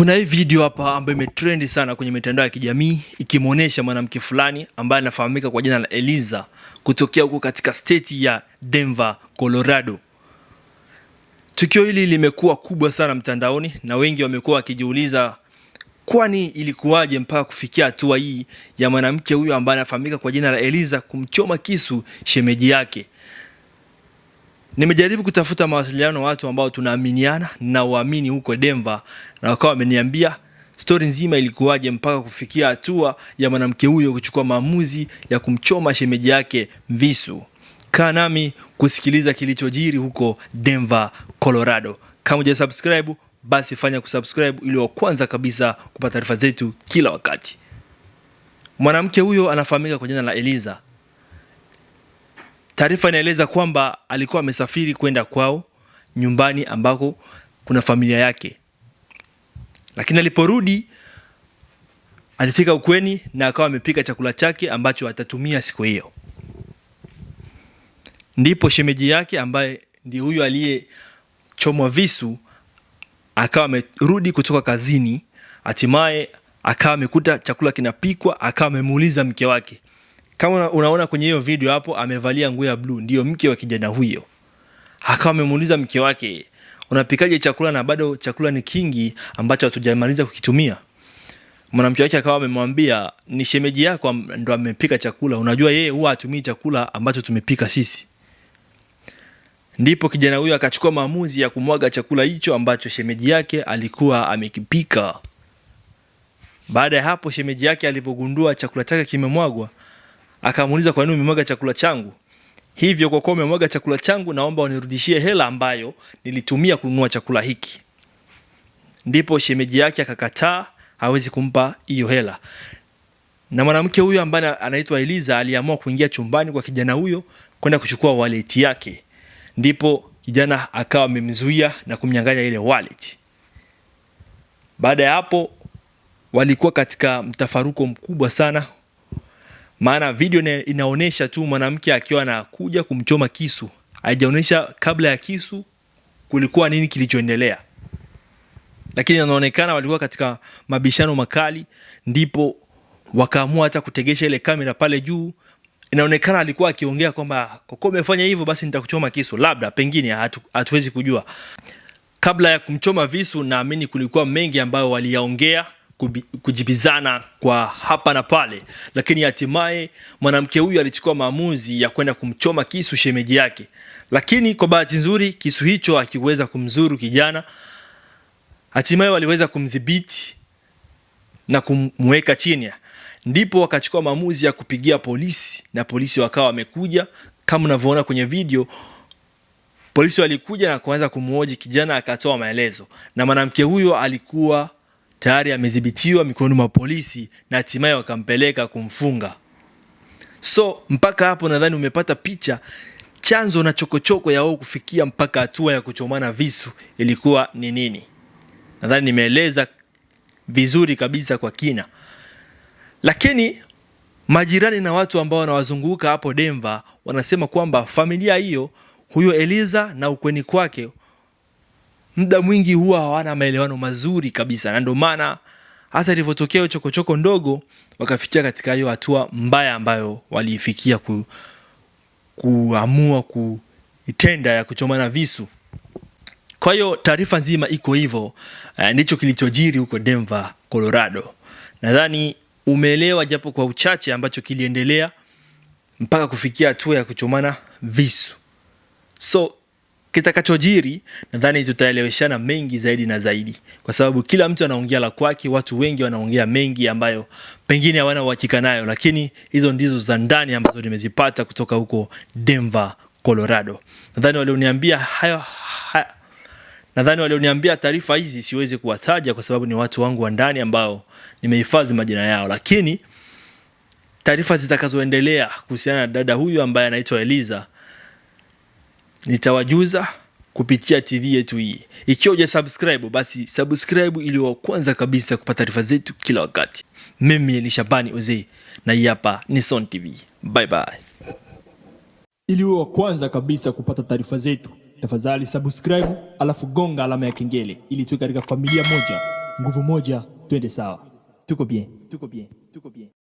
Kuna hii video hapa ambayo imetrendi sana kwenye mitandao ya kijamii ikimwonyesha mwanamke fulani ambaye anafahamika kwa jina la Eliza kutokea huko katika state ya Denver, Colorado. Tukio hili limekuwa kubwa sana mtandaoni na wengi wamekuwa wakijiuliza kwani ilikuwaje mpaka kufikia hatua hii ya mwanamke huyo ambaye anafahamika kwa jina la Eliza kumchoma kisu shemeji yake. Nimejaribu kutafuta mawasiliano watu ambao tunaaminiana na waamini huko Denver, na wakawa wameniambia stori nzima ilikuwaje mpaka kufikia hatua ya mwanamke huyo kuchukua maamuzi ya kumchoma shemeji yake visu. Kaa nami kusikiliza kilichojiri huko Denver, Colorado. Kama hujasubscribe basi fanya kusubscribe ili wa kwanza kabisa kupata taarifa zetu kila wakati. Mwanamke huyo anafahamika kwa jina la Eliza Taarifa inaeleza kwamba alikuwa amesafiri kwenda kwao nyumbani ambako kuna familia yake, lakini aliporudi alifika ukweni na akawa amepika chakula chake ambacho atatumia siku hiyo. Ndipo shemeji yake ambaye ndiye huyo aliyechomwa visu akawa amerudi kutoka kazini, hatimaye akawa amekuta chakula kinapikwa, akawa amemuuliza mke wake kama unaona kwenye hiyo video hapo, amevalia nguo ya bluu, ndio mke wa kijana huyo. Akawa amemuuliza mke wake, unapikaje chakula na bado chakula ni kingi ambacho hatujamaliza kukitumia? Mwanamke wake akawa amemwambia, ni shemeji yako ndo amepika chakula, unajua yeye huwa atumii chakula ambacho tumepika sisi. Ndipo kijana huyo akachukua maamuzi ya kumwaga chakula hicho ambacho shemeji yake alikuwa amekipika. Baada ya hapo, shemeji yake alivyogundua chakula chake kimemwagwa Akamuuliza, kwa nini umemwaga chakula changu hivyo? Kwa kuwa umemwaga chakula changu, naomba unirudishie hela ambayo nilitumia kununua chakula hiki. Ndipo shemeji yake akakataa, hawezi kumpa hiyo hela, na mwanamke huyo ambaye anaitwa Eliza aliamua kuingia chumbani kwa kijana huyo kwenda kuchukua wallet yake, ndipo kijana akawa amemzuia na kumnyang'anya ile wallet. Baada ya hapo walikuwa katika mtafaruko mkubwa sana maana video inaonyesha tu mwanamke akiwa anakuja kumchoma kisu, haijaonyesha kabla ya kisu kulikuwa nini kilichoendelea, lakini anaonekana walikuwa katika mabishano makali, ndipo wakaamua hata kutegesha ile kamera pale juu. Inaonekana alikuwa akiongea kwamba koko umefanya hivyo, basi nitakuchoma kisu, labda pengine, hatu, hatuwezi kujua. Kabla ya kumchoma visu, naamini kulikuwa mengi ambayo waliyaongea kujibizana kwa hapa na pale, lakini hatimaye mwanamke huyu alichukua maamuzi ya kwenda kumchoma kisu shemeji yake, lakini kwa bahati nzuri kisu hicho hakiweza kumzuru kijana. Hatimaye waliweza kumdhibiti na kumweka chini, ndipo wakachukua maamuzi ya kupigia polisi na polisi wakawa wamekuja. Kama unavyoona kwenye video, polisi walikuja na kuanza kumhoji kijana, akatoa maelezo na mwanamke huyo alikuwa tayari amedhibitiwa mikononi mwa polisi na hatimaye wakampeleka kumfunga. So mpaka hapo nadhani umepata picha chanzo na chokochoko ya wao kufikia mpaka hatua ya kuchomana visu ilikuwa ni nini. Nadhani nimeeleza vizuri kabisa kwa kina, lakini majirani na watu ambao wanawazunguka hapo Denver wanasema kwamba familia hiyo, huyo Eliza na ukweni kwake muda mwingi huwa hawana maelewano mazuri kabisa, na ndio maana hata ilivyotokea chokochoko ndogo wakafikia katika hiyo hatua mbaya ambayo waliifikia ku, kuamua kuitenda ya kuchomana visu. Kwa hiyo taarifa nzima iko hivyo. Uh, ndicho kilichojiri huko Denver, Colorado. Nadhani umeelewa japo kwa uchache ambacho kiliendelea mpaka kufikia hatua ya kuchomana visu. So kitakachojiri nadhani tutaeleweshana mengi zaidi na zaidi, kwa sababu kila mtu anaongea la kwake. Watu wengi wanaongea mengi ambayo pengine hawana uhakika nayo, lakini hizo ndizo za ndani ambazo nimezipata kutoka huko Denver, Colorado. Nadhani walioniambia hayo haya, nadhani walioniambia taarifa hizi siwezi kuwataja kwa sababu ni watu wangu wa ndani ambao nimehifadhi majina yao, lakini taarifa zitakazoendelea kuhusiana na dada huyu ambaye anaitwa Eliza nitawajuza kupitia TV yetu hii. Ikiwa subscribe, basi subscribe ili wa kwanza kabisa kupata taarifa zetu kila wakati. Mimi ni Shabani oze na hii hapa ni Son TV. Bye bye. Ili wa kwanza kabisa kupata taarifa zetu, tafadhali subscribe, alafu gonga alama ya kengele ili tuwe katika familia moja, nguvu moja, twende sawa. Tuko bien, tuko bien, tuko bien.